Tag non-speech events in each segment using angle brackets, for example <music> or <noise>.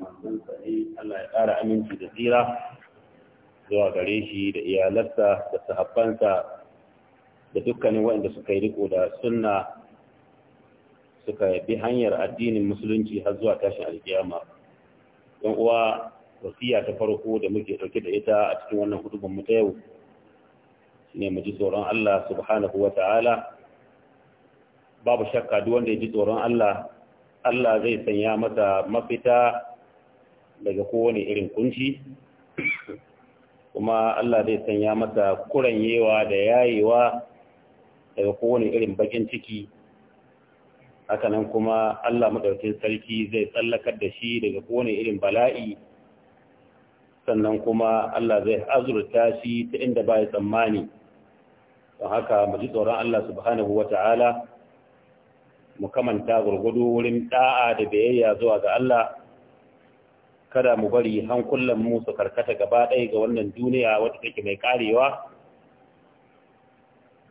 manzon sa Allah ya ƙara aminci da tsira zuwa gare shi da iyalarsa da sahabbansa da dukkanin waɗanda suka yi riko da sunna suka bi hanyar addinin musulunci har zuwa tashin alkiyama don uwa wasiya ta farko da muke ɗauke da ita a cikin wannan hudubar mu ta yau shine mu ji tsoron Allah subhanahu wa ta'ala babu shakka duk wanda ya ji tsoron Allah Allah zai sanya masa mafita daga kowane irin kunci kuma Allah zai sanya masa kuranyewa da yayewa daga kowane irin bakin ciki hakanan kuma Allah madaukakin sarki zai tsallakar da shi daga kowane irin bala'i sannan kuma Allah zai azurta shi ta inda ba ya tsammani don haka mu ji tsoron Allah subhanahu wata'ala mu kamanta gurgudu wurin da'a da biyayya zuwa ga Allah kada mu bari hankulan mu su karkata gaba ɗaya ga wannan duniya wata take mai karewa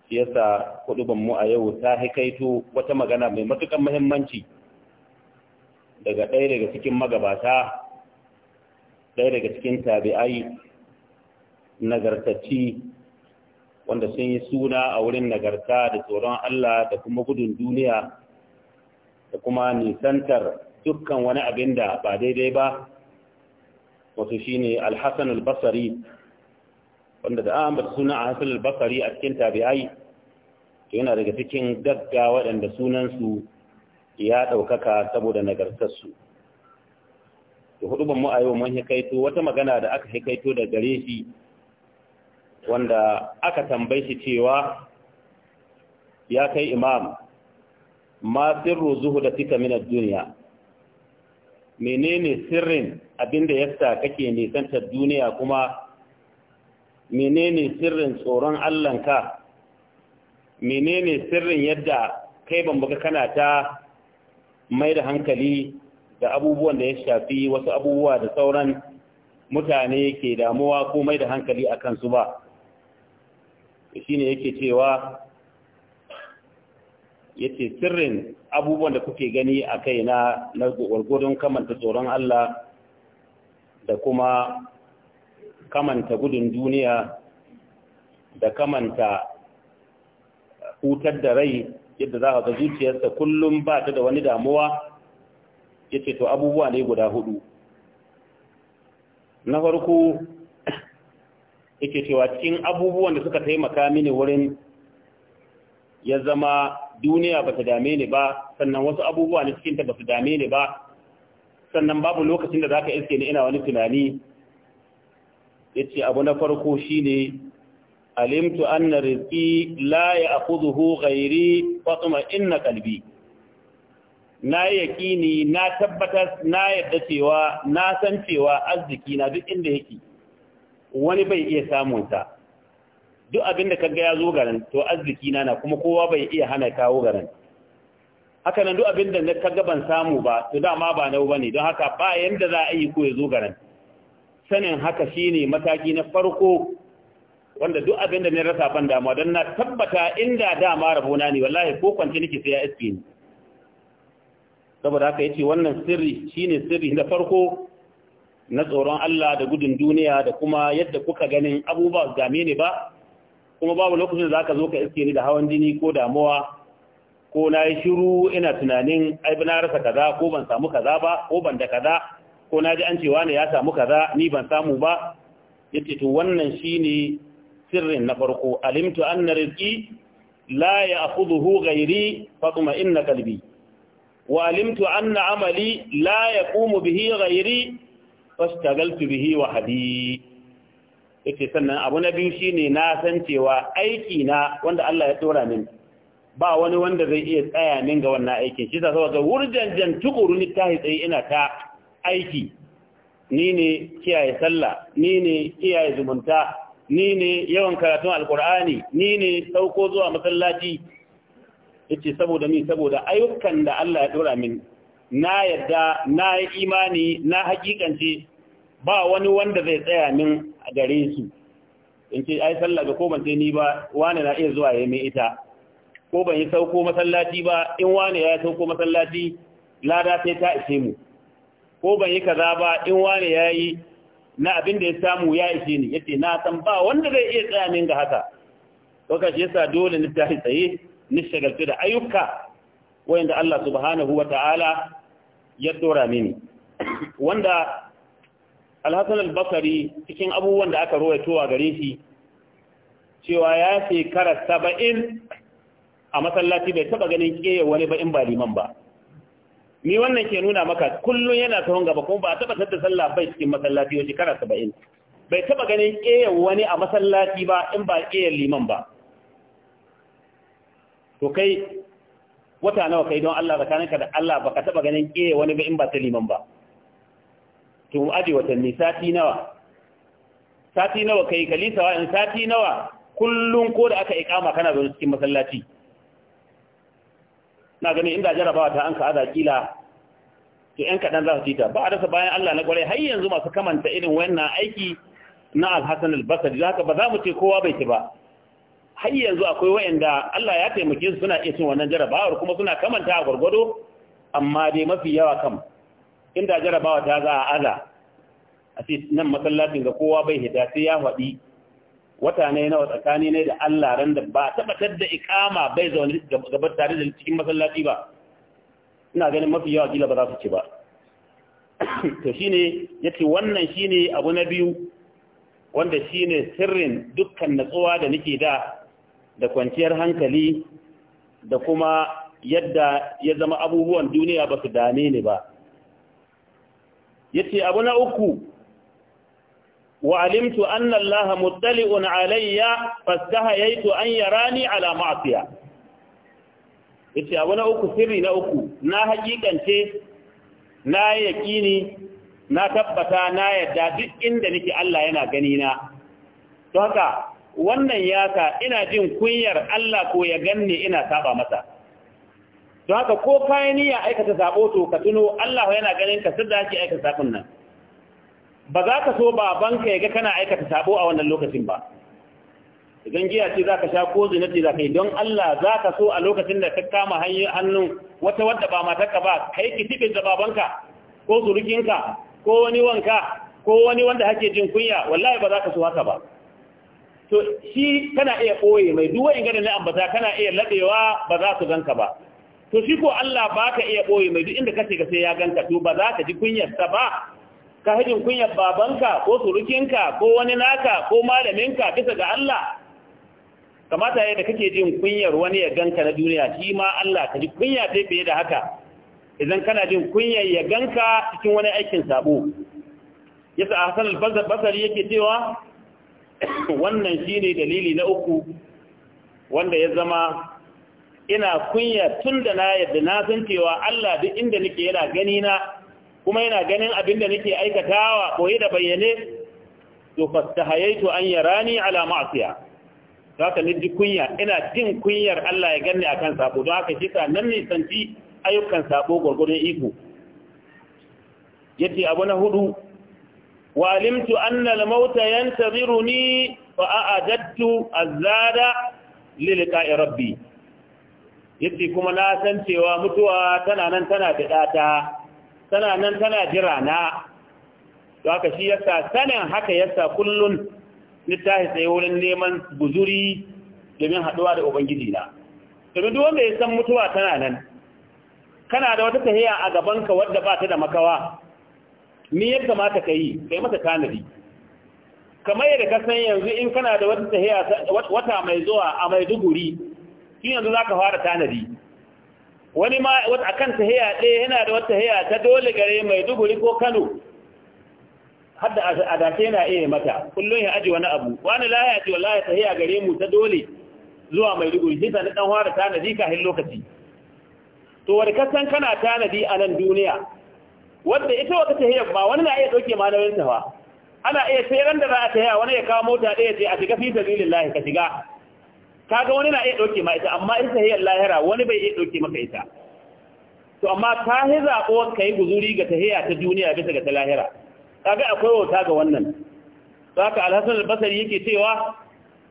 shi yasa kuduban mu a yau ta haikaito wata magana mai matukan muhimmanci daga ɗaya daga cikin magabata ɗaya daga cikin tabi'ai nagartacci wanda sun yi suna a wurin nagarta da tsoron Allah da kuma gudun duniya da kuma nisantar dukkan wani abin da ba daidai ba wato shi ne alhassan albasari wanda da an bata suna Hasan al a cikin tabi'ai to yana daga cikin gagga waɗanda sunansu ya ɗaukaka saboda nagartar su to huduban mu mun hikaito wata magana da aka hikaito da gare shi wanda aka tambaye shi cewa ya kai imam ma sirru zuhudatika min ad menene sirrin abinda yasa kake nisantar duniya kuma menene sirrin tsoron Allahnka menene sirrin yadda kai ban baka kana ta mai da hankali da abubuwan da ya shafi wasu abubuwa da sauran mutane ke damuwa ko mai da hankali a kansu ba shi ne yake cewa yace sirrin abubuwan da kuke gani a kai na gwargwadon kamanta tsoron Allah da kuma kamanta gudun duniya da kamanta hutar da rai yadda za ka zuciyarsa kullum ba ta da wani damuwa ya ce to abubuwa ne guda hudu na farko yake cewa cikin abubuwan da suka taimaka mini wurin ya zama duniya ba ta dame ni ba sannan wasu abubuwa ne cikinta ba su dame ni ba sannan babu lokacin da zaka ka iske ni ina wani tunani yace abu na farko shine alimtu anna Rizqi, la ya ghairi gairi inna kalbi na yaƙini na tabbatar na yadda cewa na san cewa arziki na duk inda yake wani bai iya samun ta duk abin da kaga ya zo to arziki na na kuma kowa bai iya hana kawo ta haka nan duk abin da na kaga ban samu ba to dama ba nau bane don haka ba yanda za a yi ko ya zo garan sanin haka shine mataki na farko wanda duk abin da na rasa ban damuwa don na tabbata inda dama na ne wallahi ko kwanci nake sai ya iske ni saboda haka yace wannan sirri shine sirri na farko na tsoron Allah da gudun duniya da kuma yadda kuka ganin abubuwa game ne ba kuma babu lokacin da zaka zo ka iske ni da hawan jini ko damuwa ko na yi shiru ina tunanin ai na rasa kaza ko ban samu kaza ba ko ban da kaza ko na ji an cewa ne ya samu kaza ni ban samu ba yace to wannan shine sirrin na farko alimtu anna rizqi la ya'khudhuhu ghairi fatuma inna qalbi wa alimtu anna amali la yaqumu bihi ghairi fashtagaltu bihi wahdi yace sannan abu na biyu shine na san cewa aiki na wanda Allah ya tsora mini ba wani wanda zai iya tsaya min ga wannan aikin shi ta wurjan jan tukuru ni ta tsaye ina ta aiki ni ne kiyaye sallah ni ne kiyaye zumunta ni ne yawan karatun alkur'ani ni ne sauko zuwa masallaci yace saboda ni saboda ayyukan da Allah ya dora min na yadda na yi imani na hakikance ba wani wanda zai tsaya min a gare su in ce ai sallah ga ko ban sai ni ba wani na iya zuwa yayin ita ko ban yi sauko masallaci ba in wane ya sauko masallaci lada sai ta ishe mu ko ban yi kaza ba in wane ya yi na abin da ya samu ya ishe ni yace na san ba wanda zai iya tsaya min ga haka shi yasa dole ni tashi tsaye ni shagaltu da ayyuka wanda Allah subhanahu ta'ala, ya dora mini wanda Al-Hasan al-Bakari cikin abubuwan da aka a gare shi cewa ya shekara 70 a masallaci bai taba ganin keye wani ba in ba liman ba ni wannan ke nuna maka kullum yana sahun gaba kuma ba a taba tattar sallah bai cikin masallaci yau shekara saba'in bai taba ganin keye wani a masallaci ba in ba keye liman ba to kai wata nawa kai don Allah ka da Allah baka taba ganin keye wani ba in ba ta liman ba to mu aje watanni sati nawa sati nawa kai kalisa wa in sati nawa kullum ko da aka ikama kana zo cikin masallaci na ganin inda jarabawa ta an ka kila to ‘yan kaɗan za su cita ba a rasa bayan Allah na ƙwarai har yanzu masu kamanta irin wannan aiki na alhassan albasari za ka ba za mu ce kowa bai ci ba har yanzu akwai wa'anda Allah ya taimake su suna iya cin wannan jarabawar kuma suna kamanta a gwargwado amma dai mafi yawa kam inda jarabawa ta za a aza a ce nan masallacin ga kowa bai hita sai ya faɗi wata ne nawa tsakani ne da Allah ran da ba tabbatar da ikama bai zaune gaba tare da cikin masallaci ba ina ganin mafi yawa kila ba za su ci ba to shine yace wannan shine abu na biyu wanda shine sirrin dukkan natsuwa da nake da da kwanciyar hankali da kuma yadda ya zama abubuwan duniya ba su dane ni ba yace abu na uku وعلمت أن الله مطلع علي an yi rani على معصية Ita abu na uku sirri na uku na hakikance na yakini na tabbata na yadda duk inda nake Allah yana gani na to haka wannan yasa ina jin kunyar Allah ko ya ganni ina saba masa to haka ko kayan ya aikata zaɓo to ka tuno Allah yana ganin ka sadda ake aikata sabon nan ba za ka so babanka ya ga kana aikata sabo a wannan lokacin ba idan giya ce za ka sha ko zina ce za ka yi don Allah za ka so a lokacin da ka kama hannun wata wadda ba matarka ba kai kitibin da babanka ko zurukinka ko wani wanka ko wani wanda hake jin kunya wallahi ba za ka so haka ba to shi kana iya koye mai duwa in ni na ambata kana iya ladewa ba za su ganka ba to shi ko Allah ba ka iya koye mai duk inda kace ka sai ya ganka to ba za ka ji kunyar sa ba ka hajin kunyar babanka ko surukinka ko wani naka ko malaminka bisa ga Allah kamata yadda kake jin kunyar wani ya ganka na duniya shi ma Allah ka ji kunya sai fiye da haka idan kana jin kunyar ya ganka cikin wani aikin sabo yasa Hassan al-Basri yake cewa wannan shine dalili na uku wanda ya zama ina kunya tunda na yadda na san cewa Allah duk inda nake yana gani na kuma yana ganin abin da nake aikatawa koyi da bayyane to fastahayaitu an yarani ala ma'siya zaka ni kunya ina jin kunyar Allah ya ganni akan sabo don haka kisa nan ne santi ayyukan sabo gurgurun iko yace abu na hudu wa alimtu anna al-maut yantaziruni fa a'adattu azada lilqa'i rabbi yace kuma na san cewa mutuwa tana nan tana da data tana nan tana jira na to aka shi yasa sanin haka yasa kullun littafi sai wurin neman buzuri domin haɗuwa da ubangiji na domin duk wanda ya san mutuwa tana nan kana da wata tahiya a gabanka wadda ba ta da makawa ni ya kamata ka yi kai mata tanadi kamar yadda ka san yanzu in kana da wata tahiya wata mai zuwa a mai duguri shi yanzu za ka fara tanadi wani ma akan ta tahiya ɗaya yana da wata tahiya ta dole gare mai duguri ko kano hadda a dace yana iya mata kullum ya aji wani abu wani laya ce wallahi tahiya gare mu ta dole zuwa mai duguri shi, sani ɗan wara tanadi kahin lokaci to wani kasan kana tanadi a nan duniya wadda ita wata tahiyar ba wani na iya ɗauke ma na ta ba ana iya sai da za a tahiya wani ya kawo mota ɗaya ce a shiga fi sabilillahi ka shiga kaga wani na iya ɗauke ma ita amma ita tahiyar lahira wani bai iya ɗauke maka ita to amma ka yi zaɓo ka yi guzuri ga tahiya ta duniya bisa ga ta lahira kaga akwai wauta ga wannan Za haka alhassan albasari yake cewa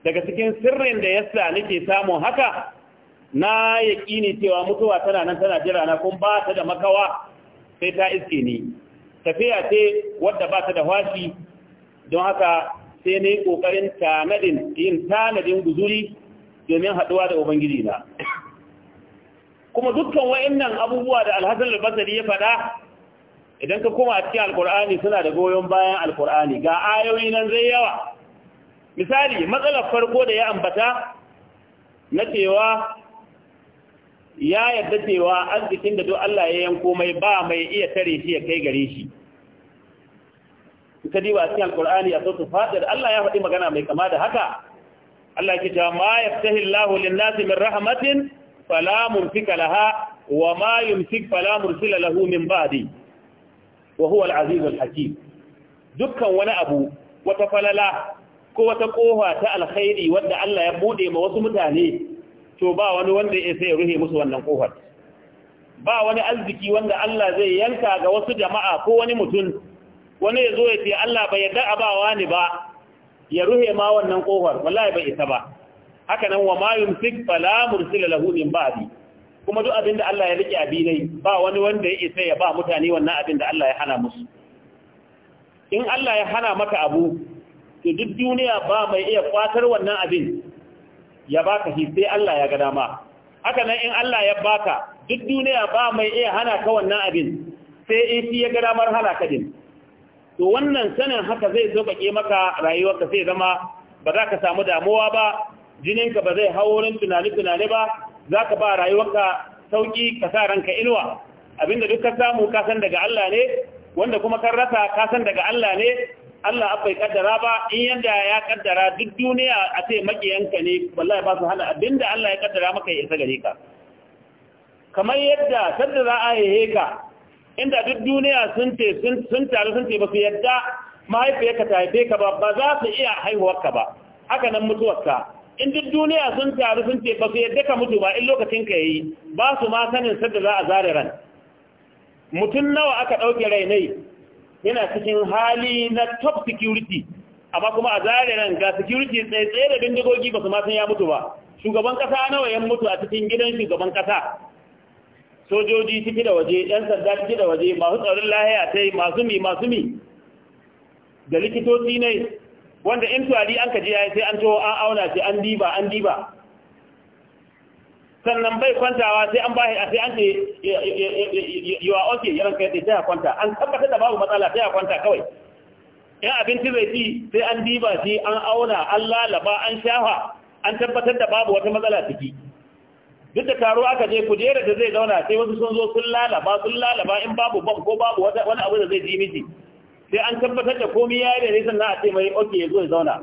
daga cikin sirrin da yasa nake samun haka na yaƙini cewa mutuwa tana nan tana jira na kun ba ta da makawa sai ta iske ni tafiya ce wadda ba ta da fashi don haka sai na yi ƙoƙarin tanadin yin tanadin guzuri domin haduwa da ubangiji na kuma dukkan wa'innan abubuwa da alhassan albasari ya faɗa idan ka koma a cikin alkur'ani suna da goyon bayan alkur'ani ga ayoyi nan zai yawa misali matsalar farko da ya ambata na cewa ya yarda cewa arzikin da duk Allah ya yanko mai ba mai iya tare shi ya kai gare shi ka diba cikin alkur'ani a sautu fadar Allah ya faɗi magana mai kama da haka Allah ke cewa ma yaftahi Allahu lin-nasi min rahmatin fala mumsika laha wa ma yumsik fala mursila lahu min ba'di wa huwa al-aziz al-hakim dukkan wani abu wata falala ko wata koha ta alkhairi wanda Allah ya bude ma wasu mutane to ba wani wanda ya sai ruhe musu wannan kofar ba wani arziki wanda Allah zai yanka ga wasu jama'a ko wani mutum wani ya zo ya ce Allah bai yarda abawa ne ba ya ruhe ma wannan kofar wallahi bai isa ba haka nan wa ma yumsik fala mursila lahu min ba'di kuma duk abinda Allah ya rike abinai ba wani wanda ya isa ya ba mutane wannan abinda Allah ya hana musu in Allah ya hana maka abu to duk duniya ba mai iya kwatar wannan abin ya baka shi sai Allah ya ga dama haka nan in Allah ya baka duk duniya ba mai iya hana ka wannan abin sai in shi ya ga damar hana ka din to wannan sanin haka zai zobaƙe maka rayuwarka sai zama ba za ka samu damuwa ba jininka ba zai haurin tunani-tunani ba za ka ba rayuwarka sauƙi ka sa ranka inuwa abinda duk ka samu kasan daga Allah ne wanda kuma kan rasa kasan daga Allah ne Allah abai kaddara ba in yadda ya kaddara duk duniya a ce makiyanka ne wallahi ba su hana abinda Allah ya kaddara maka ya isa gare ka kamar yadda sadda za a haihe ka inda duk duniya sun ce sun taru sun ce ba su yadda mahaifiyarka ta haife ka ba ba za su iya haihuwarka ba haka nan mutuwarka in duk duniya sun taru sun ce ba su yadda ka mutu ba in lokacin ka yayi ba su ma sanin sadda za a zare ran mutum nawa aka ɗauke rai ne yana cikin hali na top security amma kuma a zare ran ga security tsaye tsaye da bindigogi ba su ma san ya mutu ba shugaban kasa nawa ya mutu a cikin gidan shugaban kasa sojoji ciki da waje yan sanda ciki da waje masu tsaron lahiya ta yi masu mi masu mi da likitoci ne wanda in tuwali an kaji ya sai an to an auna sai an diba an diba sannan bai kwantawa sai an bahi sai an ce yi wa oke yaran kai sai ya kwanta an tabbatar da babu matsala sai ya kwanta kawai yan abinci zai ci sai an diba shi an auna an lalaba an shafa an tabbatar da babu wata matsala ciki duk da taro aka je kujerar da zai zauna sai wasu sun zo sun lalaba sun lalaba in babu ban ko babu wani abu da zai ji miji, sai an tabbatar da komai ya yi da nisan na a ce mai oke ya zo ya zauna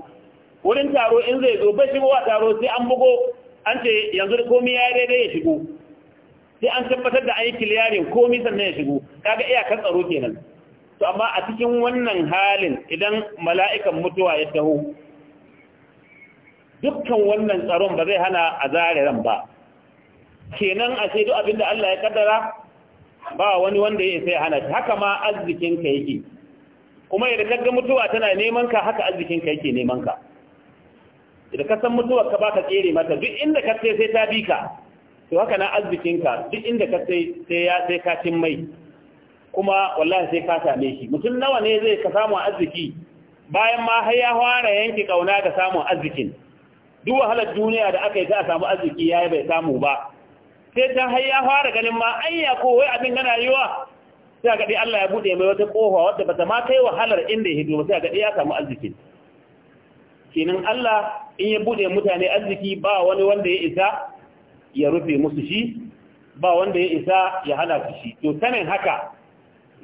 wurin taro in zai zo bai shigowa taro sai an bugo an ce yanzu komai ya yi daidai ya shigo sai an tabbatar da an yi kiliyarin komai sannan ya shigo kaga iyakar tsaro kenan to amma a cikin wannan halin idan mala'ikan mutuwa ya taho dukkan wannan tsaron ba zai hana a zare ran ba kenan a sai duk abinda Allah ya kaddara ba wani wanda ya sai ya hana shi haka ma arzikin ka yake kuma idan kaga mutuwa tana neman ka haka arzikin ka yake neman ka idan ka san mutuwa ka baka tsere mata duk inda ka sai sai ta bi ka to haka nan arzikin ka duk inda ka sai sai ya sai ka cin mai kuma wallahi sai ka same shi mutum nawa ne zai ka samu arziki bayan ma har ya fara yanke kauna ga samun arzikin duk wahalar duniya da aka yi ta a samu arziki yayi bai samu ba sai ta har ya fara ganin ma anya ko wai abin na rayuwa sai a gaɗi Allah ya buɗe mai wata kofa wadda ba ta ma kai wahalar inda ya ba sai a gaɗi ya samu arziki kenan Allah in ya buɗe mutane arziki ba wani wanda ya isa ya rufe musu shi ba wanda ya isa ya hana su shi to sanin haka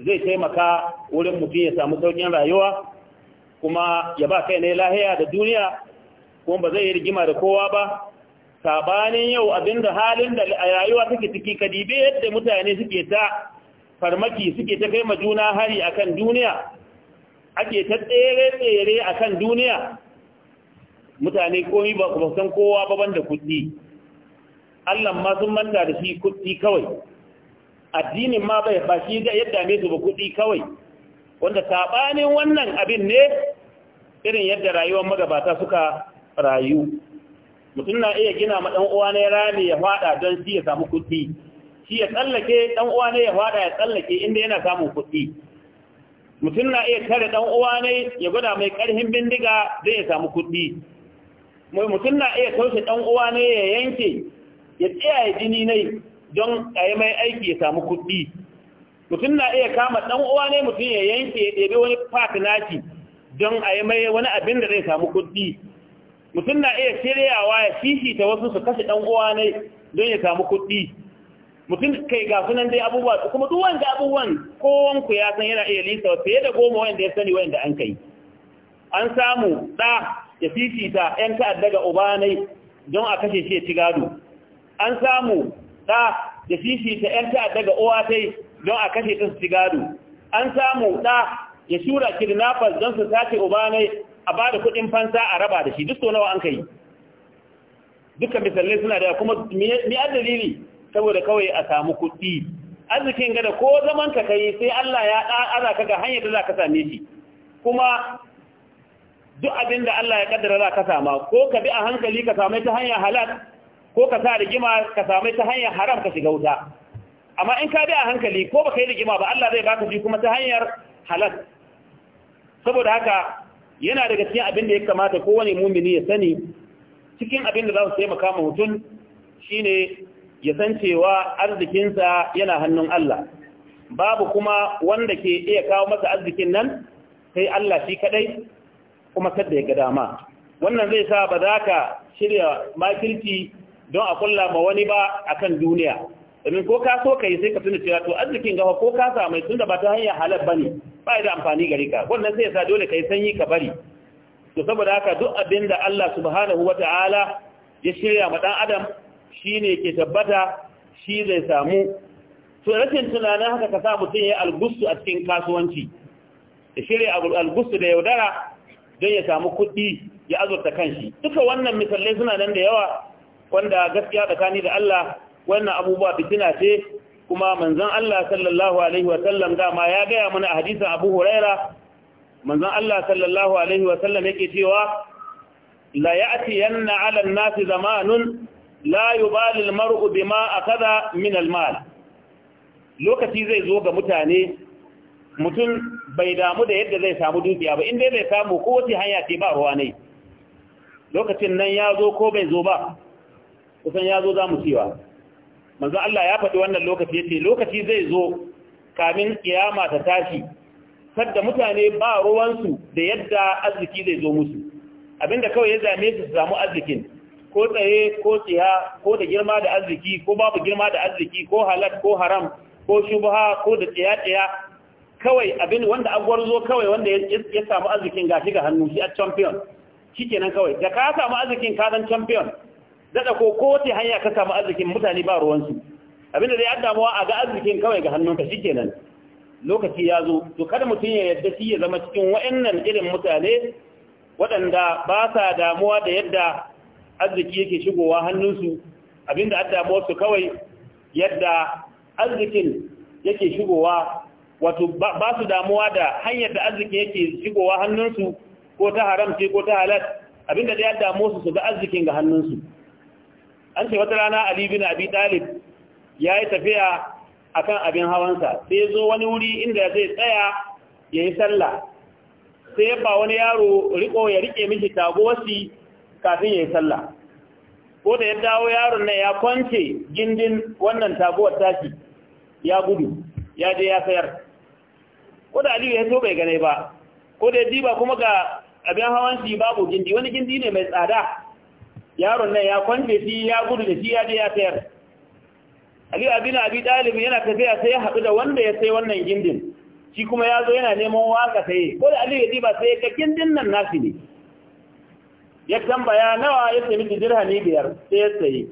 zai taimaka wurin mutum ya samu sauƙin rayuwa kuma ya ba kai na lahiya da duniya kuma ba zai yi rigima da kowa ba sabanin yau abinda halin da a rayuwa suke ciki kadibe yadda mutane suke ta farmaki suke ta kai majuna hari akan duniya ake ta tsere-tsere akan duniya mutane komi ba kuma san kowa ba da kuɗi Allah ma sun manta da shi kuɗi kawai addinin ma bai ba shi yadda ne su ba kuɗi kawai wanda sabanin wannan abin ne irin yadda rayuwar magabata suka rayu mutum na iya gina ma ɗan uwa ne rami ya fada don shi ya samu kuɗi shi ya tsallake ɗan uwa ne ya fada ya tsallake inda yana samun kuɗi mutum na iya kare ɗan uwa ne ya gwada mai ƙarfin bindiga zai ya samu kuɗi mutum na iya taushe ɗan uwa ne ya yanke ya tsaye jini ne don a yi mai aiki ya samu kuɗi mutum na iya kama ɗan uwa ne mutum ya yanke ya ɗebe wani fatinaki don a yi mai wani abin da zai samu kuɗi mutum na iya shiryawa ya fifita wasu su kashe ɗan uwa ne don ya samu kuɗi mutum kai ga sunan dai abubuwa kuma duk wanda abubuwan kowan ya san yana iya lisa fiye da goma wanda ya sani wanda an kai an samu ɗa ya fifita ‘yan ta'adda ga uba ne don a kashe shi ya ci gado an samu ɗa ya fifita ‘yan ta'adda ga uwa tai don a kashe ta su ci gado an samu ɗa ya shura kidnappers don su sace uba ne a ba da kuɗin fansa a raba da shi duk nawa an kai dukkan misalai suna da kuma mi dalili saboda kawai a samu kuɗi arzikin gada ko zaman ka kai sai Allah ya ɗara ka ga hanyar da za ka same shi kuma duk abin da Allah ya kaddara za ka sama ko ka bi a hankali ka same ta hanyar halal ko ka sa rigima ka same ta hanyar haram ka shiga wuta amma in ka bi a hankali ko baka yi rigima ba Allah zai baka ji kuma ta hanyar halal saboda haka yana daga cikin abin da ya kamata kowane mumini ya sani cikin abin da za su taimaka ma mutum shine ya san cewa arzikinsa yana hannun Allah babu kuma wanda ke iya kawo masa arzikin nan sai Allah shi kadai kuma sadda ya ga dama wannan zai sa ba za ka shirya makilci don a kulla ma wani ba a kan duniya domin ko ka so ka yi sai ka tuna cewa to arzikin gawa ko ka samu tun da ba ta hanyar halar ne? ba da amfani gare ka wannan sai sa dole ka yi sanyi ka bari to saboda haka duk abin da Allah subhanahu ta'ala ya shirya ma dan adam shine ke tabbata shi zai samu to rashin tunanin haka ka sa mutum ya algustu a cikin kasuwanci ya shirya algustu da yaudara don ya samu kuɗi ya azurta kanshi duka wannan misalai suna nan da yawa wanda gaskiya tsakani da Allah wannan abubuwa fitina ce kuma manzon Allah sallallahu alaihi wa dama ya gaya mana a hadisin Abu Huraira manzon Allah sallallahu alaihi wa yake cewa la ya'ti yanna 'ala an-nas zamanun la yubali maru bima akada min al lokaci zai zo ga mutane mutum bai damu da yadda zai samu dukiya ba inda zai samu ko wace hanya ce ba ruwa ne lokacin nan ya zo ko bai zo ba kusan ya zo za mu cewa manzo Allah ya faɗi wannan lokaci yace lokaci zai zo kamin kiyama ta tashi sadda mutane ba ruwan su da yadda arziki zai zo musu abinda kawai ya zame su samu arzikin ko tsaye ko tsiya ko da girma da arziki ko babu girma da arziki ko halal ko haram ko shubha ko da tsiya-tsiya kawai abin wanda agwar zo kawai wanda ya samu arzikin gashi ga hannu shi a champion shikenan kawai da ka samu arzikin ka dan champion daɗa ko kowace hanya ka samu arzikin mutane ba ruwansu abinda dai an damuwa a ga arzikin kawai ga hannunka shi kenan lokaci ya zo to kada mutum ya yadda shi ya zama cikin wa'annan irin mutane waɗanda ba sa damuwa da yadda arziki yake shigowa hannunsu abinda an damuwa su kawai yadda arzikin yake shigowa wato ba su damuwa da hanyar da arzikin yake shigowa hannunsu ko ta haramce ko ta halal abinda da ya damuwa su su ga arzikin ga hannunsu an ce wata rana ali bin abi talib ya yi tafiya akan abin hawansa sai ya zo wani wuri inda zai tsaya ya yi sallah sai ya ba wani yaro riko ya rike mishi tagosi kafin ya yi sallah ko da ya dawo yaron nan ya kwance gindin wannan taguwar tashi ya gudu ya je ya sayar ko da aliyu ya so bai gane ba ko da ya diba kuma ga abin hawan shi babu gindi wani gindi ne mai tsada yaron nan ya kwande shi ya gudu da shi ya je ya sayar Ali abin abi dalib yana tafiya sai ya haɗu da wanda ya sai wannan gindin shi kuma ya zo yana neman waka sai ko da Ali ya ba sai ga gindin nan nashi ne ya tambaya nawa ya sai miki dirhami biyar sai ya sayi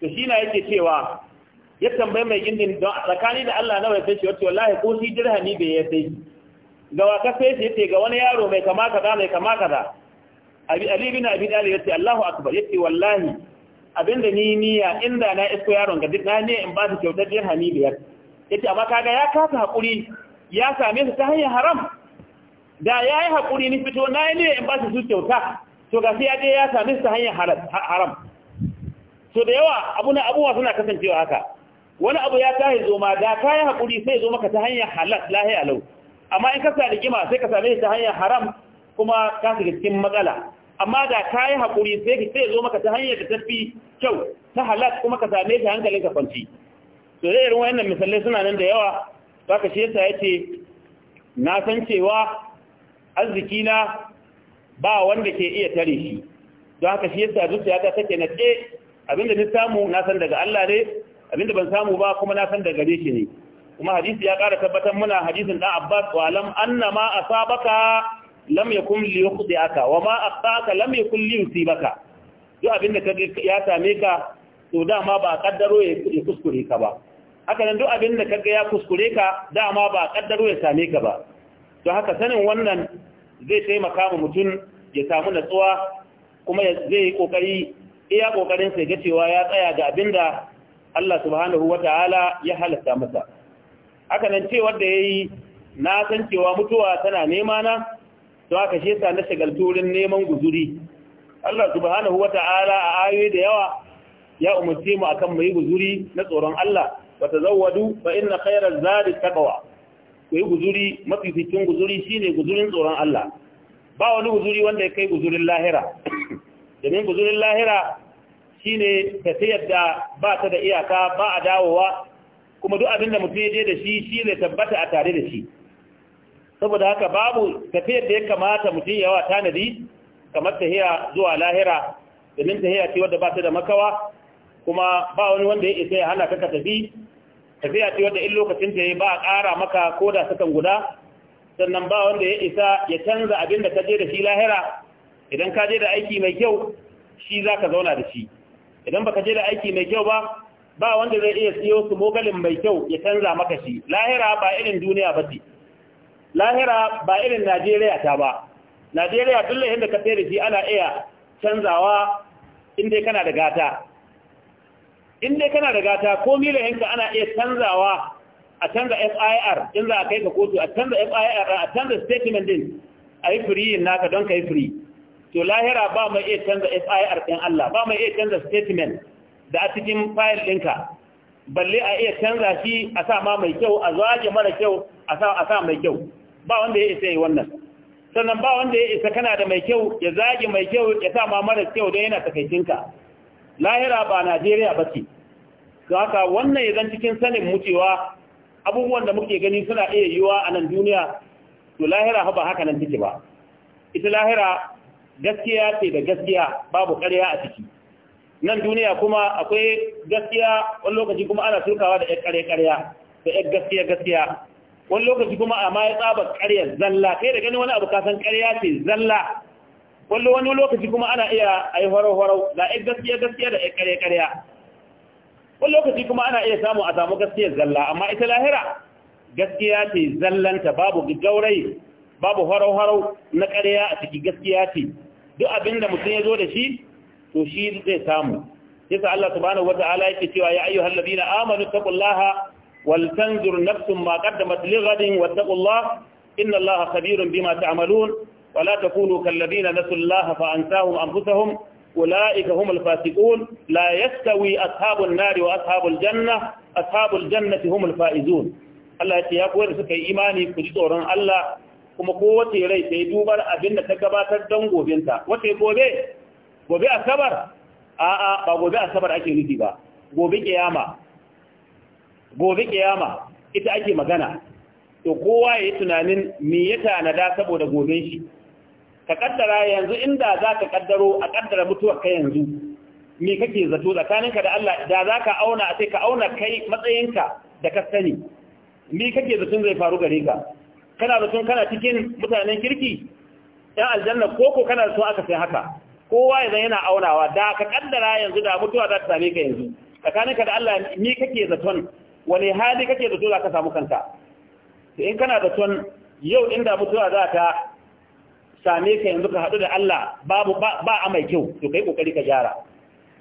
to shi na yake cewa ya tambaye mai gindin don tsakani da Allah nawa ya sai shi wato wallahi ko shi dirhami bai ya sai ga waka sai shi ce ga wani yaro mai kama kaza mai kama kaza Ali bin Abi Dali yace Allahu akbar yace wallahi abinda ni niya inda na isko yaron ga duk na ne in ba su kyautar dirhami biyar yace amma kaga ya kasa hakuri ya same su ta hanyar haram da yayi hakuri ni fito na ne in ba su kyauta to ga sai ya je ya same su ta hanyar haram To da yawa abu na abuwa suna kasancewa haka wani abu ya tahi zo ma da yi hakuri sai zo maka ta hanyar halal lahi alau amma in ka sa rigima sai ka same shi ta hanyar haram kuma ka shiga cikin matsala amma da ka yi haƙuri sai ka sai zo maka ta hanyar da tafi kyau ta halat kuma ka same shi hankalin ka kwanci to zai irin wayannan misalai suna nan da yawa za ka shi ya ce na san cewa arziki na ba wanda ke iya tare shi don haka shi yasa zuciya ta take na abinda ni samu na san daga Allah ne abinda ban samu ba kuma na san daga gare shi ne kuma hadisi ya ƙara tabbatar muna hadisin dan Abbas wa lam annama asabaka lam yakun li aka, wa ma akhta'aka lam yakun li yusibaka duk abinda ka ya same ka to dama ba kaddaro ya kuskure ka ba haka nan duk abinda ka ga ya kuskure ka dama ba kaddaro ya same ka ba to haka sanin wannan zai taimaka mu mutum ya samu natsuwa kuma zai yi kokari iya kokarin sai ga cewa ya tsaya ga abinda Allah subhanahu wata'ala ya halatta masa haka nan cewar da yayi na san cewa mutuwa tana nema na to aka shi yasa na shagaltu wurin neman guzuri Allah subhanahu wata'ala a ayoyi da yawa ya umarce mu akan mai yi guzuri na tsoron Allah wa tazawwadu fa inna khayra zadi taqwa ku yi guzuri mafificin guzuri shine guzurin tsoron Allah ba wani guzuri wanda ya kai guzurin lahira domin guzurin lahira shine tafiyar da ba ta da iyaka ba a dawowa kuma duk abin da mutum ya je da shi shi zai tabbata a tare da shi saboda haka babu tafiyar da ya kamata mutum yawa tanadi kamar tahiya zuwa lahira domin tahiya ce wadda ba ta da makawa kuma ba wani wanda ya isa ya hana ka tafi tafiya ce wadda in lokacin ta ba a ƙara maka ko da sakan guda sannan ba wanda ya isa ya canza abin da ka je da shi lahira idan ka je da aiki mai kyau shi za ka zauna da shi idan ba ka je da aiki mai kyau ba ba wanda zai iya siyo su mogalin mai kyau ya canza maka shi lahira ba irin duniya ba ce lahira ba irin najeriya ta ba najeriya dole inda ka sayar da shi ana iya canzawa inda kana da gata inda kana da gata ko yanka ana iya canzawa a canza fir in za a kai ka kotu a canza fir a canza statement din a yi free naka don ka yi free to lahira ba mai iya canza fir din allah ba mai iya canza statement da a cikin fayil ɗinka balle a iya canza shi a sa ma mai kyau a ke mara kyau a sa mai kyau ba wanda ya isa yi wannan sannan ba wanda ya isa kana da mai kyau ya zagi mai kyau ya sa ma kyau don yana takaitinka lahira ba najeriya ba ce su haka wannan ya zan cikin sanin mucewa abubuwan da muke gani suna iya yiwuwa a nan duniya to lahira ba haka nan ciki ba ita lahira gaskiya ce da gaskiya babu ƙarya a ciki nan duniya kuma akwai gaskiya wani lokaci kuma ana turkawa da 'yar ƙarya-ƙarya da ƴar gaskiya-gaskiya wani lokaci kuma a ma ya tsaba ƙarya zalla kai da gani wani abu kasan ƙarya ce zalla wani wani lokaci kuma ana iya a yi horo-horo gaskiya gaskiya da ƙarya-ƙarya wani lokaci kuma ana iya samu a samu gaskiya zalla amma ita lahira gaskiya ce zallanta babu gaurai babu horo-horo na ƙarya a ciki gaskiya ce duk abin da mutum ya zo da shi to shi zai samu yasa Allah subhanahu wata'ala yake cewa ya ayyuhal ladina amanu taqullaha ولتنظر نفس ما قدمت لغد واتقوا الله إن الله خبير بما تعملون ولا تكونوا كالذين نسوا الله فأنساهم أنفسهم أولئك هم الفاسقون لا يستوي أصحاب النار وأصحاب الجنة أصحاب الجنة هم الفائزون Allah ya ce ya koyar suka yi imani ku ji tsoron Allah kuma kowace rai sai dubar abin da ta gabatar don gobinta wace gobe gobe asabar a'a ba gobe asabar ake nufi ba gobe kiyama gobe kiyama ita ake magana to kowa ya yi tunanin me ya tanada saboda goben shi ka kaddara yanzu inda za ka kaddaro a kaddara mutuwar ka yanzu me kake zato tsakaninka da Allah da za ka auna a sai ka auna kai matsayinka da ka sani me kake zaton zai faru gare ka kana zaton kana cikin mutanen kirki ɗan aljanna koko kana zato aka sai haka kowa yanzu yana aunawa da ka kaddara yanzu da mutuwa za ta same ka yanzu tsakaninka da Allah me kake zaton wani hali kake da tura ka samu kanka to in kana da ton yau inda mutuwa za ta same ka yanzu ka haɗu da Allah babu ba a mai kyau to kai kokari ka gyara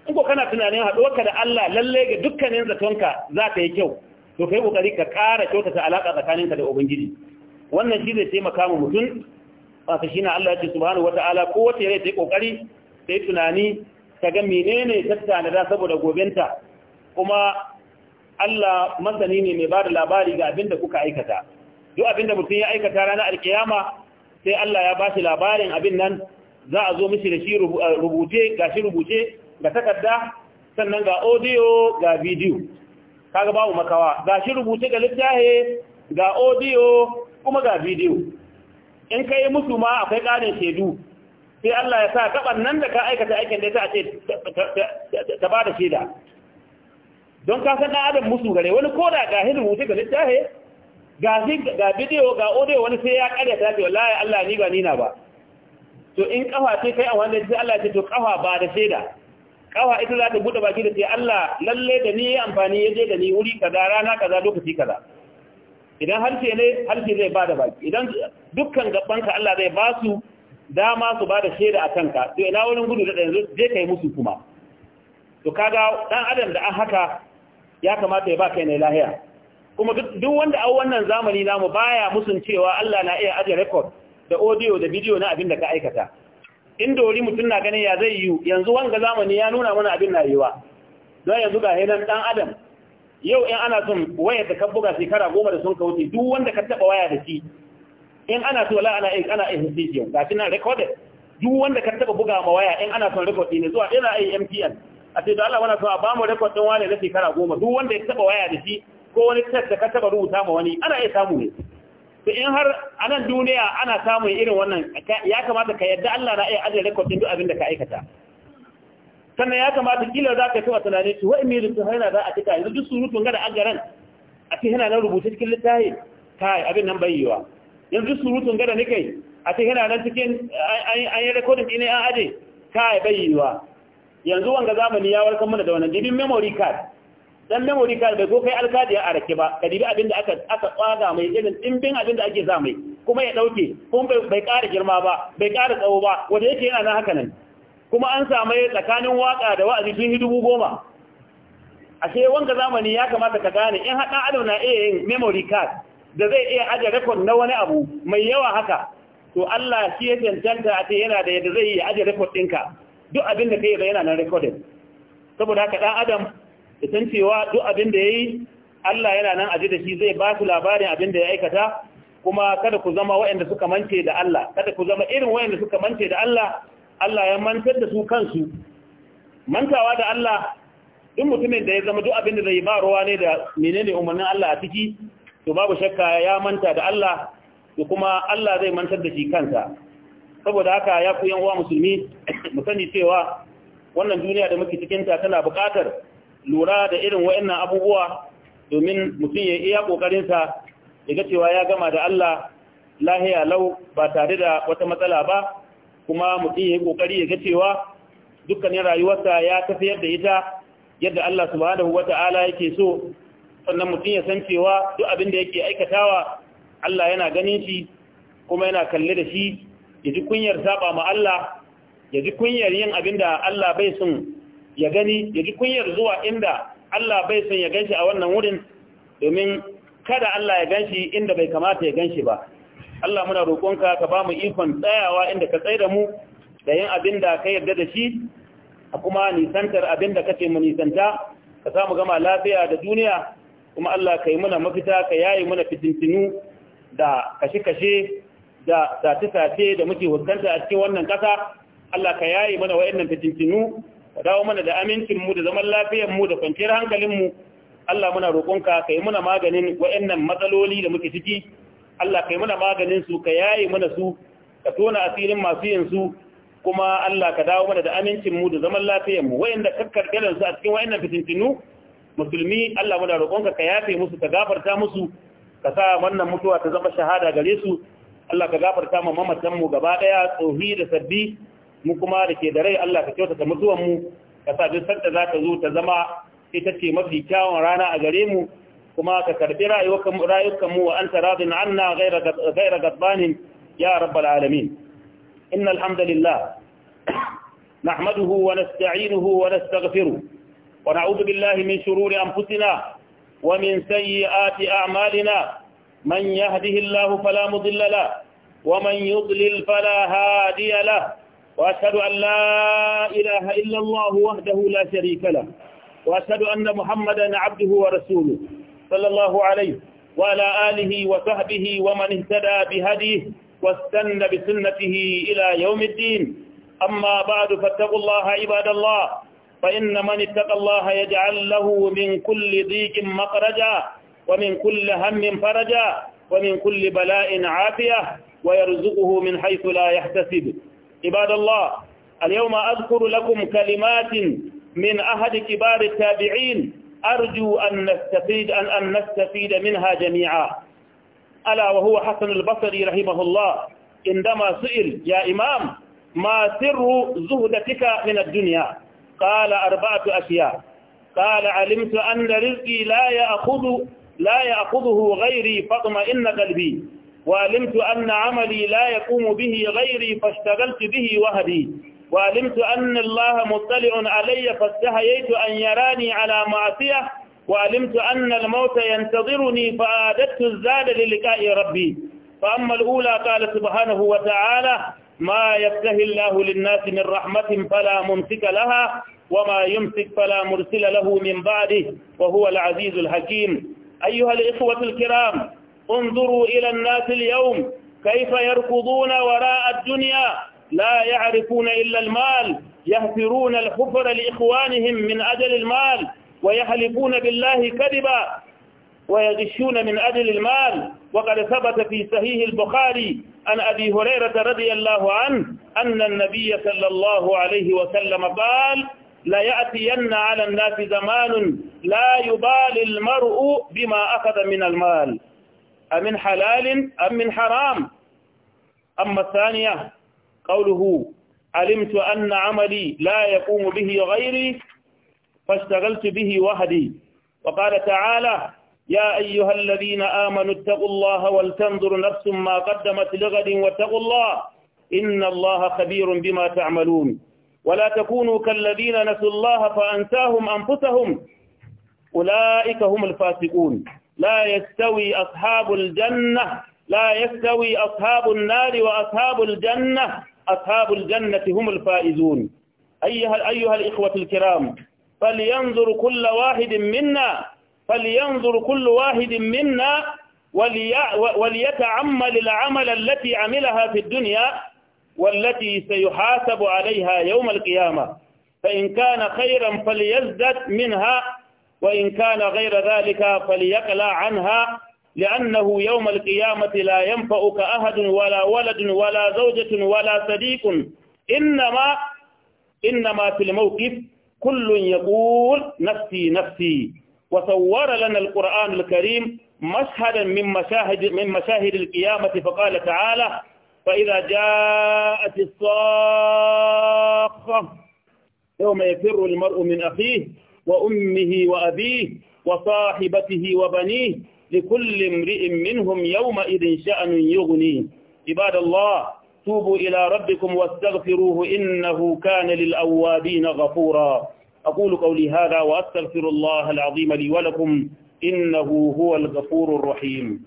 in ko kana tunanin ka da Allah lalle ga dukkanin zatonka za ta yi kyau to kai kokari ka ƙara kyautata alaƙa ka da ubangiji wannan shi zai taimaka mu mutum wato shi na Allah ya ce subhanahu wata'ala ko wace rai ta yi kokari ta yi tunani ta ga menene tattana da saboda gobenta kuma Allah masani ne mai ba da labari ga abin da kuka aikata duk abin da mutum ya aikata ranar alkiyama sai Allah ya ba shi labarin abin nan za a zo mishi da shi eh, rubuce ga shi rubuce ga takarda sannan ga audio ga video kaga babu makawa ga shi rubuce ga littafi ga audio kuma ga video in kai musu ma akwai ƙarin shaidu sai Allah ya sa kaɓar nan da ka aikata aikin da ta ce ta ba da shaida don ka san dan adam musu gare wani ko da ga hidu wuce ga littafi ga ga bidiyo ga audio wani sai ya kada ta ce wallahi Allah ni ba ni na ba to in kafa ce kai a wanda sai Allah ya ce to kafa ba da shaida kafa ita za ta bude baki da ce Allah lalle da ni amfani ya je da ni wuri kaza rana kaza lokaci kaza idan harshe ne harshe zai ba da baki idan dukkan gabanka Allah zai ba su dama su ba da shaida a kanka to ina wurin gudu da yanzu je kai musu kuma to kaga dan adam da an haka ya kamata ya ba kai ne lahiya kuma duk wanda a wannan zamani namu baya musun cewa Allah na iya aje record da audio da video na abin da ka aikata in dori mutum na ganin ya zai yi yanzu wanga zamani ya nuna mana abin na yiwa don yanzu ga hinan dan adam yau in ana son waya ta kabbuga shekara goma da sun kawo duk wanda ka taba waya da shi in ana so in ana ana ehsijiyo gashi na recorded duk wanda ka taba buga ma waya in ana son record ne zuwa ina ai MTN a da Allah wani so a bamu rekod din wani na shekara goma duk wanda ya taba waya da shi ko wani test da ka taba rubuta ma wani ana iya samu ne to in har a nan duniya ana samun irin wannan ya kamata ka yadda Allah na iya ajiye rekod din duk abin da ka aikata sannan ya kamata kila za ka yi tunani tunanin ci wa'in mai su haina za a cika yanzu duk surutun gada agaran a ce yana nan rubuta cikin littafi kai abin nan bai yiwa yanzu surutun gada nake a ce yana nan cikin an yi rikodin ɗine an aje kai bai yiwa yanzu wanga zamani ya warkar mana da wannan dibin memory card dan memory card bai ko kai alkadi ya arake ba ka dibi abin da aka aka tsaga mai irin dimbin abin da ake zamai kuma ya dauke kuma bai ƙara girma ba bai ƙara tsawo ba wanda yake yana nan haka nan kuma an samu tsakanin waka da wa'azi sun yi dubu goma ashe wanga zamani ya kamata ka gane in haɗa adam na iya yin memory card da zai iya aje rekod na wani abu mai yawa haka to Allah shi ya tantanta a ce yana da yadda zai yi aje record ɗinka duk abin da kai yana na recorded saboda haka dan adam da san cewa duk abin da yi, Allah yana nan aje da shi zai ba su labarin abin da ya aikata kuma kada ku zama waɗanda suka mance da Allah kada ku zama irin waɗanda suka mance da Allah Allah ya mantar da su kansu mantawa da Allah in mutumin da ya zama duk abin da zai ba ruwa ne da menene umarnin Allah a ciki to babu shakka ya manta da Allah to kuma Allah zai mantar da shi kansa saboda haka ya ku yan uwa musulmi musani cewa wannan duniya da muke cikin ta tana buƙatar lura da irin wayannan abubuwa domin mutum ya iya kokarin sa ya cewa ya gama da Allah lahiya lau ba tare da wata matsala ba kuma mutum ya yi kokari ya ga cewa dukkanin rayuwarsa ya tafiyar da ita yadda Allah subhanahu wata'ala yake so sannan mutum ya san cewa duk abin da yake aikatawa Allah yana ganin shi kuma yana kalle da shi ya ji kunyar saba ma Allah ya ji kunyar yin abin da Allah bai sun ya gani ya ji kunyar zuwa inda Allah bai sun ya ganshi a wannan wurin domin kada Allah ya ganshi inda bai kamata ya ganshi ba Allah muna roƙonka ka ba mu ikon tsayawa inda ka tsaye da mu da yin abin da ka yarda da shi a kuma nisantar abin da kace mu nisanta ka samu gama lafiya da duniya kuma Allah ka yi muna mafita ka yayi muna fitintinu da kashe-kashe da sace-sace da muke huskanta a cikin wannan ƙasa Allah ka yaye mana wa'annan fitintinu ka dawo mana da amincinmu da zaman mu da kwanciyar hankalinmu Allah muna roƙonka ka yi muna maganin wa'annan matsaloli da muke ciki Allah ka yi muna maganin su ka yaye mana su ka tona asirin masu yin su kuma Allah ka dawo mana da amincinmu da zaman lafiyarmu wa'anda galan su a cikin wa'annan fitintinu musulmi Allah muna roƙonka ka yafe musu ka gafarta musu ka sa wannan mutuwa ta zama shahada gare su Allah ka gafarta mu mamatan mu gaba daya tsohi da sabbi mu kuma da ke da rai Allah ka kyautata mutuwan mu ka sa duk sanda za zo ta zama ita ce mafi kyawun rana a gare mu kuma ka karbi rayukan mu wa anta radin anna ghayra gadbanin ya rabbal alamin innal hamdalillah nahmaduhu wa nasta'inuhu wa nastaghfiruh wa na'udhu billahi min shururi anfusina wa min sayyiati a'malina من يهده الله فلا مضل له ومن يضلل فلا هادي له وأشهد أن لا إله إلا الله وحده لا شريك له وأشهد أن محمدا عبده ورسوله صلى الله عليه وعلى آله وصحبه ومن اهتدى بهديه واستنى بسنته إلى يوم الدين أما بعد فاتقوا الله عباد الله فإن من اتقى الله يجعل له من كل ضيق مخرجا ومن كل هم فرجا ومن كل بلاء عافية ويرزقه من حيث لا يحتسب عباد الله اليوم أذكر لكم كلمات من أحد كبار التابعين أرجو أن نستفيد أن, أن نستفيد منها جميعا ألا وهو حسن البصري رحمه الله عندما سئل يا إمام ما سر زهدتك من الدنيا قال أربعة أشياء قال علمت أن رزقي لا يأخذ لا يأخذه غيري فاطمئن قلبي وعلمت أن عملي لا يقوم به غيري فاشتغلت به وهدي وعلمت أن الله مطلع علي فاستحييت أن يراني على معصية وعلمت أن الموت ينتظرني فأعددت الزاد للقاء ربي فأما الأولى قال سبحانه وتعالى ما يفتح الله للناس من رحمة فلا ممسك لها وما يمسك فلا مرسل له من بعده وهو العزيز الحكيم أيها الإخوة الكرام انظروا إلى الناس اليوم كيف يركضون وراء الدنيا لا يعرفون إلا المال يهفرون الحفر لإخوانهم من أجل المال ويحلفون بالله كذبا ويغشون من أجل المال وقد ثبت في صحيح البخاري عن أبي هريرة رضي الله عنه أن النبي صلى الله عليه وسلم قال ليأتين على الناس زمان لا يبالي المرء بما أخذ من المال أمن حلال أم من حرام أما الثانية قوله علمت أن عملي لا يقوم به غيري فاشتغلت به وحدي وقال تعالى يا أيها الذين آمنوا اتقوا الله ولتنظر نفس ما قدمت لغد واتقوا الله إن الله خبير بما تعملون ولا تكونوا كالذين نسوا الله فأنساهم أنفسهم أولئك هم الفاسقون لا يستوي أصحاب الجنة لا يستوي أصحاب النار وأصحاب الجنة أصحاب الجنة هم الفائزون أيها, أيها الإخوة الكرام فلينظر كل واحد منا فلينظر كل واحد منا وليتعمل العمل التي عملها في الدنيا والتي سيحاسب عليها يوم القيامة فإن كان خيرا فليزدد منها وإن كان غير ذلك فليقلع عنها لأنه يوم القيامة لا ينفعك أحد ولا ولد ولا زوجة ولا صديق إنما إنما في الموقف كل يقول نفسي نفسي وصور لنا القرآن الكريم مشهدا من مشاهد من مشاهد القيامة فقال تعالى فإذا جاءت الصاخة يوم يفر المرء من أخيه وأمه وأبيه وصاحبته وبنيه لكل امرئ منهم يومئذ شأن يغنيه عباد الله توبوا إلى ربكم واستغفروه إنه كان للأوابين غفورا أقول قولي هذا وأستغفر الله العظيم لي ولكم إنه هو الغفور الرحيم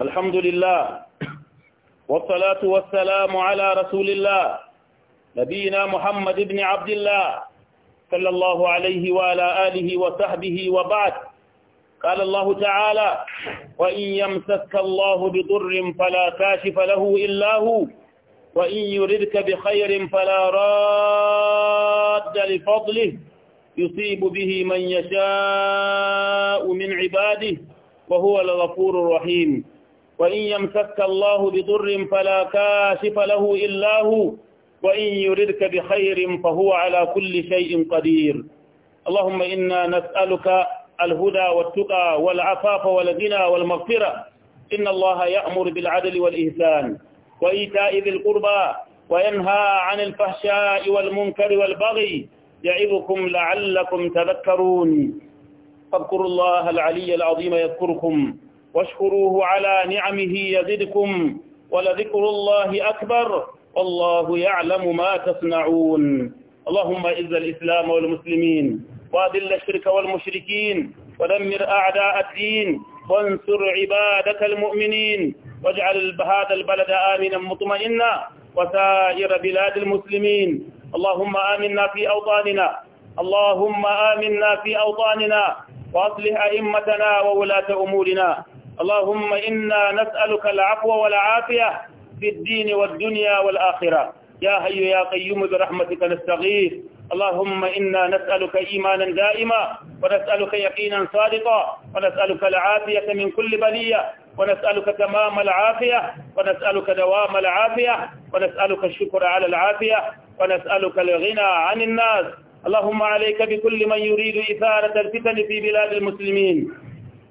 الحمد لله والصلاة والسلام على رسول الله نبينا محمد بن عبد الله صلى الله عليه وعلى آله وصحبه وبعد قال الله تعالى وإن يمسك الله بضر فلا كاشف له إلا هو وإن يردك بخير فلا راد لفضله يصيب به من يشاء من عباده وهو الغفور الرحيم وإن يمسك الله بضر فلا كاشف له إلا هو وإن يردك بخير فهو على كل شيء قدير اللهم إنا نسألك الهدى والتقى والعفاف والغنى والمغفرة إن الله يأمر بالعدل والإحسان وإيتاء ذي القربى وينهى عن الفحشاء والمنكر والبغي يعظكم لعلكم تذكرون فاذكروا الله العلي العظيم يذكركم واشكروه على نعمه يزدكم ولذكر الله أكبر والله يعلم ما تصنعون اللهم إذ الإسلام والمسلمين وأذل الشرك والمشركين ودمر أعداء الدين وانصر عبادك المؤمنين واجعل هذا البلد آمنا مطمئنا وسائر بلاد المسلمين اللهم آمنا في أوطاننا اللهم آمنا في أوطاننا وأصلح أئمتنا وولاة أمورنا اللهم إنا نسألك العفو والعافية في الدين والدنيا والآخرة يا حي يا قيوم برحمتك نستغيث اللهم إنا نسألك إيمانا دائما ونسألك يقينا صادقا ونسألك العافية من كل بلية ونسألك تمام العافية ونسألك دوام العافية ونسألك الشكر على العافية ونسألك الغنى عن الناس اللهم عليك بكل من يريد إثارة الفتن في بلاد المسلمين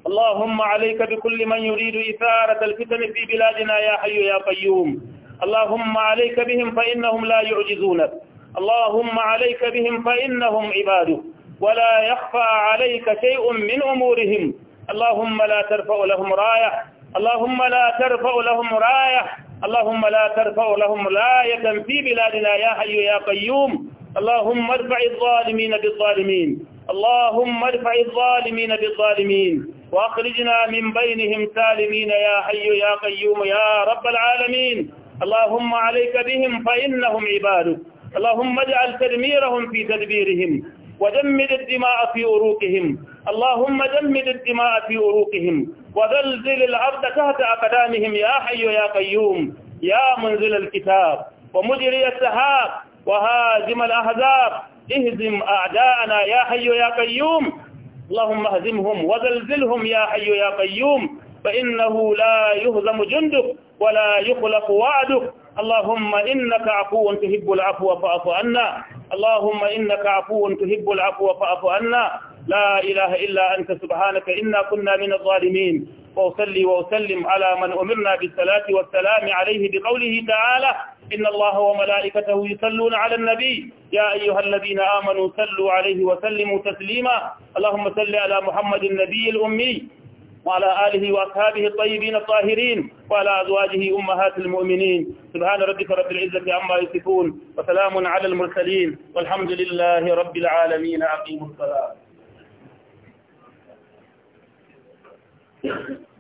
اللهم عليك بكل من يريد إثارة الفتن في بلادنا يا حي يا قيوم اللهم عليك بهم فإنهم لا يعجزونك اللهم عليك بهم فإنهم عبادك ولا يخفى عليك شيء من أمورهم اللهم لا ترفع لهم راية اللهم لا ترفع لهم راية اللهم لا ترفع لهم راية في بلادنا يا حي يا قيوم اللهم ارفع الظالمين بالظالمين اللهم ارفع الظالمين بالظالمين وأخرجنا من بينهم سالمين يا حي يا قيوم يا رب العالمين اللهم عليك بهم فإنهم عبادك اللهم اجعل تدميرهم في تدبيرهم ودمر الدماء في أروقهم اللهم دمر الدماء في أروقهم وزلزل العبد تحت أقدامهم يا حي يا قيوم يا منزل الكتاب ومجري السحاب وهازم الأحزاب اهزم أعداءنا يا حي يا قيوم اللهم اهزمهم وزلزلهم يا حي يا قيوم فإنه لا يهزم جندك ولا يخلق وعدك اللهم إنك عفو تحب العفو فاعف عنا اللهم إنك عفو تحب العفو فاعف عنا لا إله إلا أنت سبحانك إنا كنا من الظالمين وأصلي وأسلم على من أمرنا بالصلاة والسلام عليه بقوله تعالى إن الله وملائكته يصلون على النبي يا أيها الذين آمنوا صلوا عليه وسلموا تسليما اللهم صل على محمد النبي الأمي وعلى آله وأصحابه الطيبين الطاهرين وعلى أزواجه أمهات المؤمنين سبحان ربك رب العزة عما يصفون وسلام على المرسلين والحمد لله رب العالمين أقيموا الصلاة Yeah. <laughs>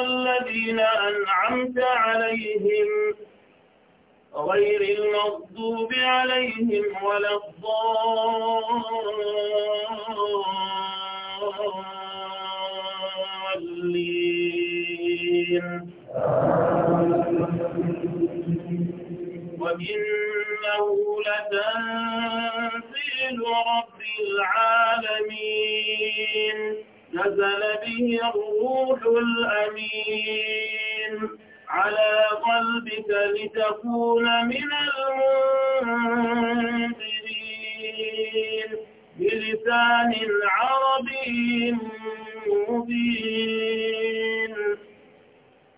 الذين أنعمت عليهم غير المغضوب عليهم ولا الضالين وإنه لتنزيل رب العالمين نزل به الروح الأمين على قلبك لتكون من المنذرين بلسان عربي مبين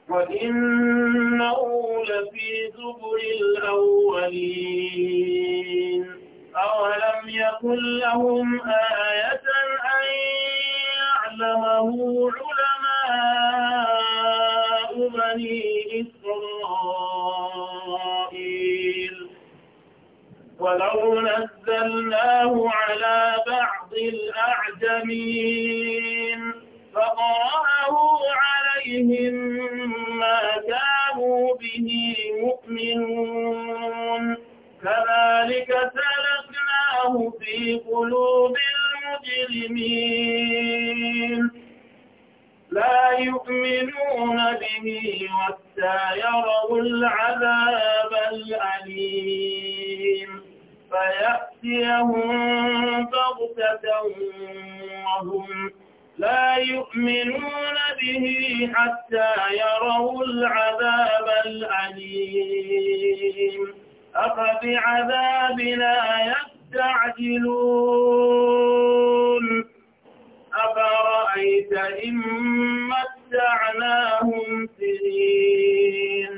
وإنه لفي زبر الأولين أولم يكن لهم آية أن علمه علماء بني إسرائيل ولو نزلناه على بعض الأعجمين فقرأه عليهم ما كانوا به مؤمنون كذلك سلكناه في قلوب مجرمين لا يؤمنون به حتى يروا العذاب الأليم فيأتيهم بغتة وهم لا يؤمنون به حتى يروا العذاب الأليم أفبعذابنا يكفرون تستعجلون أفرأيت إن متعناهم سنين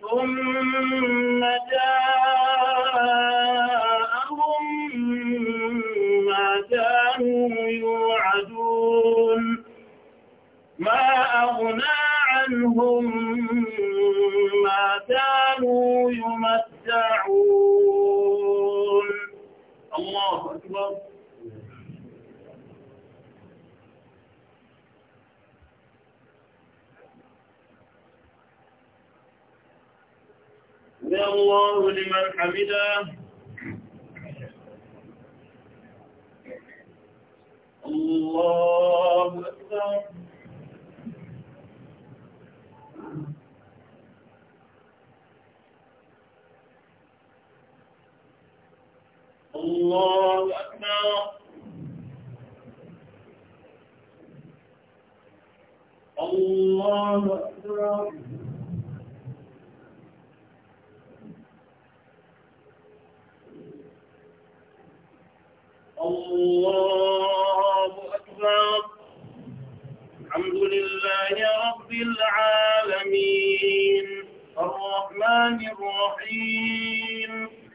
ثم جاءهم ما كانوا يوعدون ما أغنى عنهم ما كانوا يمتعون الله لمن حمده الله أكبر الله أكبر الله أكبر الله أكبر الحمد لله رب العالمين الرحمن الرحيم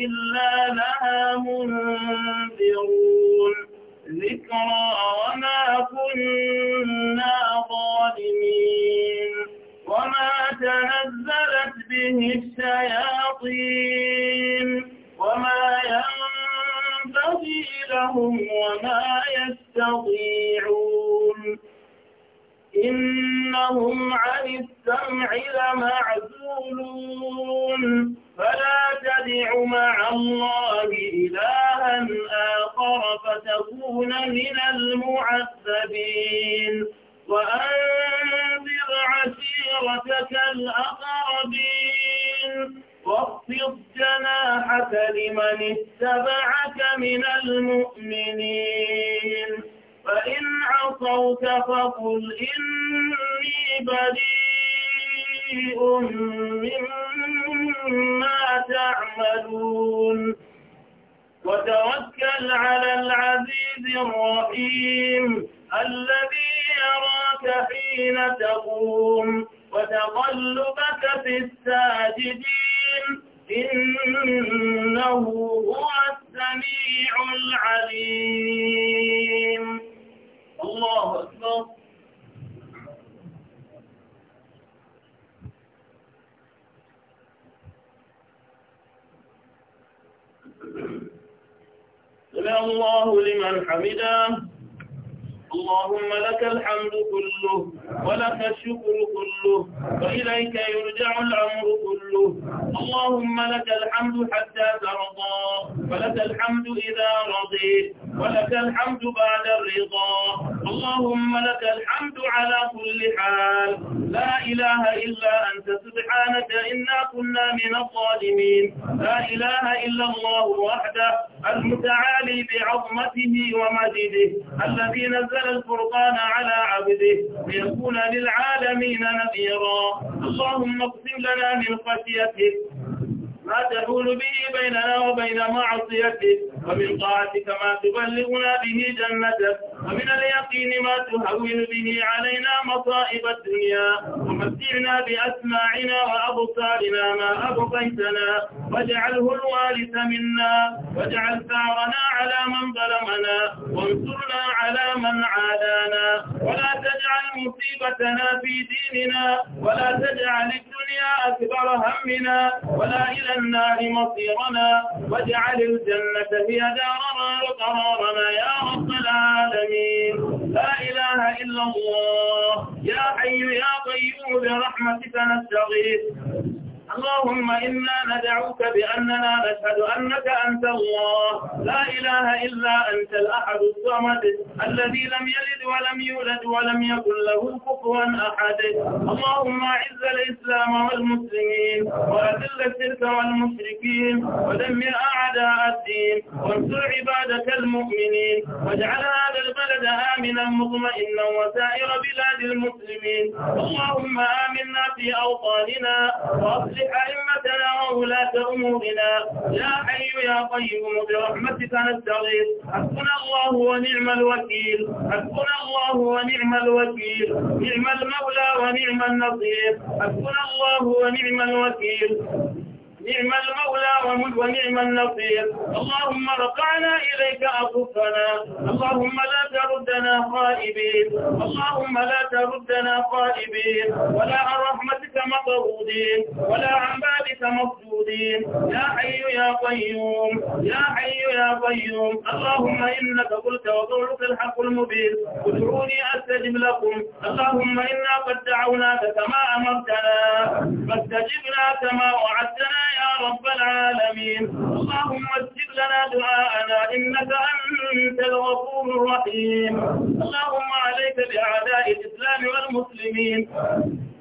إلا لها منذرون ذكرى وما كنا ظالمين وما تنزلت به الشياطين وما ينبغي لهم وما يستطيعون إنهم عن السمع لمعزولون فلا تدع مع الله إلها آخر فتكون من المعذبين وأنذر عشيرتك الأقربين واخفض جناحك لمن اتبعك من المؤمنين فإن عصوك فقل إني بريء مما تعملون وتوكل على العزيز الرحيم الذي يراك حين تقوم وتقلبك في الساجدين إنه هو السميع العليم الله أكبر سمع الله لمن حمده اللهم لك الحمد كله ولك الشكر كله وإليك يرجع الأمر كله اللهم لك الحمد حتى ترضى ولك الحمد إذا رضيت ولك الحمد بعد الرضا اللهم لك الحمد على كل حال لا إله إلا أنت سبحانك إنا كنا من الظالمين لا إله إلا الله وحده المتعالي بعظمته ومجده الذي نزل الفرقان على عبده ليكون للعالمين نذيرا اللهم اقسم لنا من خشيتك ما تحول به بيننا وبين معصيتك ومن طاعتك ما تبلغنا به جنتك ومن اليقين ما تهون به علينا مصائب الدنيا ومتعنا بأسماعنا وأبصارنا ما أبقيتنا واجعله الوارث منا واجعل ثارنا على من ظلمنا وانصرنا على من عادانا ولا تجعل مصيبتنا في ديننا ولا تجعل الدنيا أكبر همنا ولا إلى النار مصيرنا واجعل الجنة هي دارنا وقرارنا يا رب العالمين لا إله إلا الله يا حي يا قيوم برحمتك نستغيث اللهم إنا ندعوك بأننا نشهد أنك أنت الله لا إله إلا أنت الأحد الصمد الذي لم يلد ولم يولد ولم يكن له كفوا أحد اللهم أعز الإسلام والمسلمين وأذل الشرك والمشركين ودمر أعداء الدين وانصر عبادك المؤمنين واجعل هذا البلد آمنا مطمئنا وسائر بلاد المسلمين اللهم آمنا في أوطاننا وأصلح وأصلح أئمتنا وولاة أمورنا يا حي يا قيوم برحمتك نستغيث حسبنا الله ونعم الوكيل حسبنا الله ونعم الوكيل نعم المولى ونعم النصير حسبنا الله ونعم الوكيل نعم المولى ونعم النصير اللهم رفعنا إليك أبوفنا اللهم لا تردنا خائبين اللهم لا تردنا خائبين ولا عن رحمتك مطرودين ولا عن بابك مفجودين يا حي يا قيوم يا حي يا قيوم اللهم إنك قلت وقولك الحق المبين ادعوني أستجب لكم اللهم إنا قد دعوناك كما أمرتنا فاستجبنا كما وعدتنا رب العالمين اللهم اجب لنا دعاءنا إنك أنت الغفور الرحيم اللهم عليك بأعداء الإسلام والمسلمين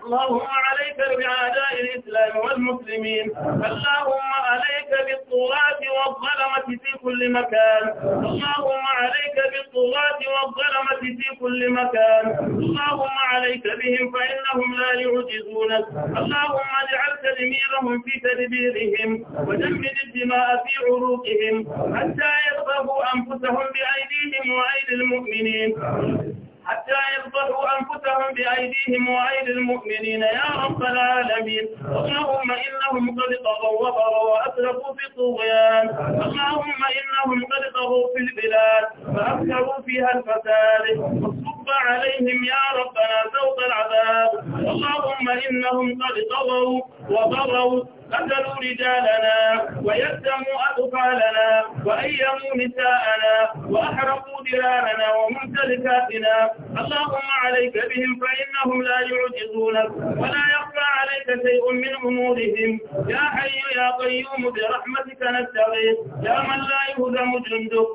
اللهم عليك بأعداء الإسلام والمسلمين اللهم عليك بالطغاة والظلمة في كل مكان اللهم عليك بالطغاة والظلمة في كل مكان اللهم عليك بهم فإنهم لا يعجزونك اللهم اجعل تدميرهم في تدبيرهم وجمد الدماء في عروقهم حتى يرضبوا أنفسهم بأيديهم وأيدي المؤمنين حتى يفضحوا أنفسهم بأيديهم وأيدي المؤمنين يا رب العالمين اللهم إنهم قد طغوا وبروا وأسرفوا في الطغيان اللهم إنهم قد طغوا في البلاد فأكثروا فيها الفساد وكف عليهم يا ربنا سوط العذاب اللهم إنهم قد طغوا وضروا قتلوا رجالنا ويتموا أطفالنا وأيموا نساءنا وأحرقوا ديارنا وممتلكاتنا اللهم عليك بهم فإنهم لا يعجزونك ولا يخفى عليك شيء من أمورهم يا حي يا قيوم برحمتك نستغيث يا من لا يهزم جندك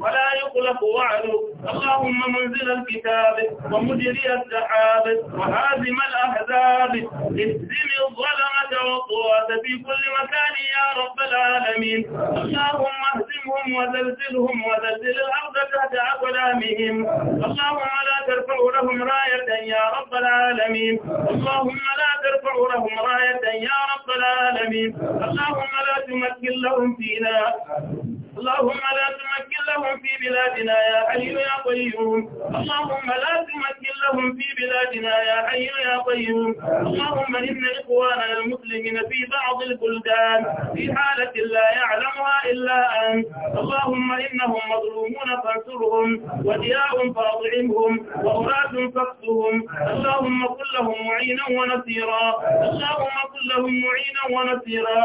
ولا يخلق وعدك اللهم منزل الكتاب كتابه ومجري السحاب وهازم الأحزاب اهزم الظلمة والطغاة في كل مكان يا رب العالمين اللهم اهزمهم وزلزلهم وزلزل الأرض تحت أقدامهم اللهم لا ترفع لهم راية يا رب العالمين اللهم لا ترفع لهم راية يا رب العالمين اللهم لا تمكن لهم فينا اللهم لا تمكن لهم في بلادنا يا حي يا قيوم اللهم لا تمكن لهم في بلادنا يا حي يا قيوم اللهم إن إخواننا المسلمين في بعض البلدان في حالة لا يعلمها إلا أنت اللهم إنهم مظلومون فانصرهم ودياء فأطعمهم وأولاد فاكسهم اللهم كن لهم معينا ونصيرا اللهم كن لهم معينا ونصيرا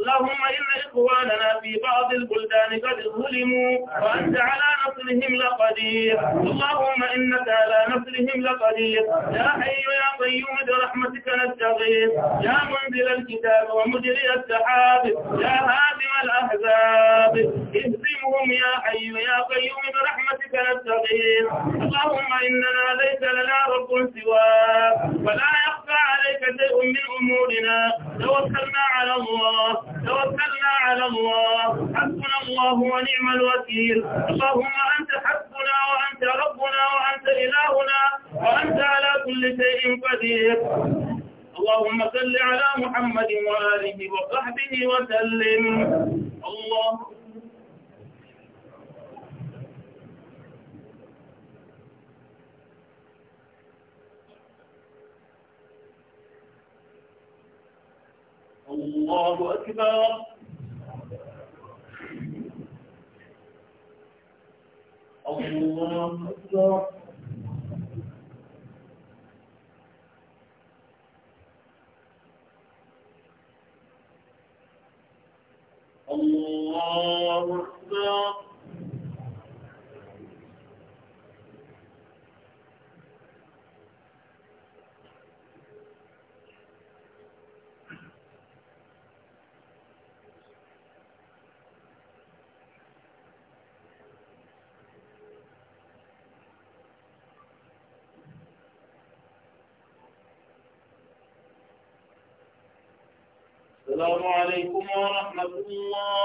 اللهم إن إخواننا في بعض البلدان البلدان قد ظلموا وأنت على نصرهم لقدير اللهم إنك على نصرهم لقدير يا حي يا قيوم برحمتك نستغيث يا منزل الكتاب ومجري السحاب يا هادم الأحزاب اهزمهم يا حي يا قيوم برحمتك نستغيث اللهم إننا ليس لنا رب سواك ولا يخفى عليك شيء من أمورنا توكلنا على الله توكلنا على الله حسبنا حسبنا الله ونعم الوكيل اللهم أنت حسبنا وأنت ربنا وأنت إلهنا وأنت على كل شيء قدير اللهم صل على محمد وآله وصحبه وسلم الله الله أكبر الله